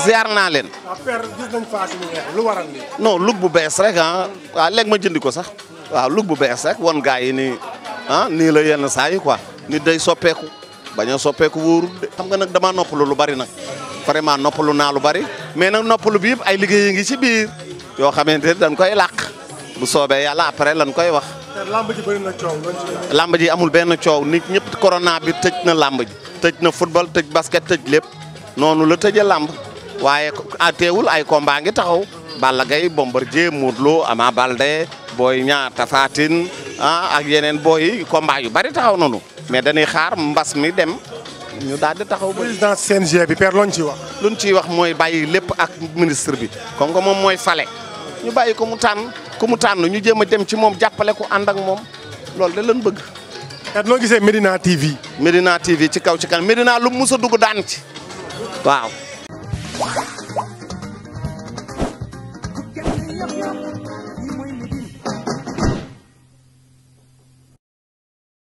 ziar naa leen. lu waral lii. non bu bees rek ah waaw ma jëndi ko sax waaw lug bu bees rek won gaa yi nii ah nii la yenn saa yi day soppeeku bañ a soppeeku wóorul de xam nga nag dama noppalu lu bari nag vraiment noppalu naa lu bari mais nag noppalu bi yëpp ay liggéey yi ngi ci biir yoo xamante ne dañ koy làq bu soobee yàlla après lañ koy wax. lamb ji bëri na coow lamb ji amul benn coow nit ñëpp corona bi tëj na lamb ji. tëj na football tëj basket tëj lépp noonu la tëjee lamb waaye teewul ay combat ngi taxaw. Balla Gaye Bombardier Modou Lo amaa Baldé Boy Niang Tapha Tine ah ak yeneen booy yi combat yu bari taxaw noonu mais dañuy xaar mbas mi dem ñu daal di taxaw. président CNG bi père luñ ciy wax. luñ ciy wax mooy bàyyi lépp ak ministre bi comme moom mooy fale ñu bàyyi ko mu ku mu tànn ñu jéem a dem ci moom jàppale ko ànd ak moom loolu da leen bëgg. kat noo gisee Medina TV. Medina TV ci kaw ci kan Medina lu musa mus dugg daan ci waaw.